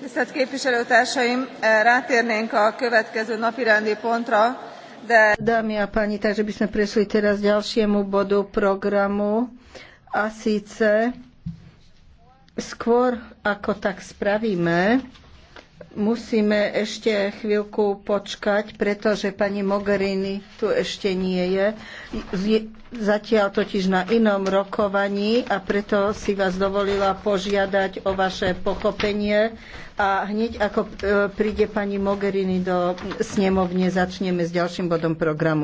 tisztelt képviselőtársaim eh, rátérnénk a következő napirendi pontra de. dámy a páni takže by sme prešli teraz ďalšiemu bodu programu a síce skôr ako tak spravíme musíme ešte chvíľku počkať, pretože pani Mogherini tu ešte nie je. je zatiaľ totiž na inom rokovaní a preto si vás dovolila požiadať o vaše pochopenie a hneď ako e, príde pani Mogherini do snemovne, začneme s ďalším bodom programu.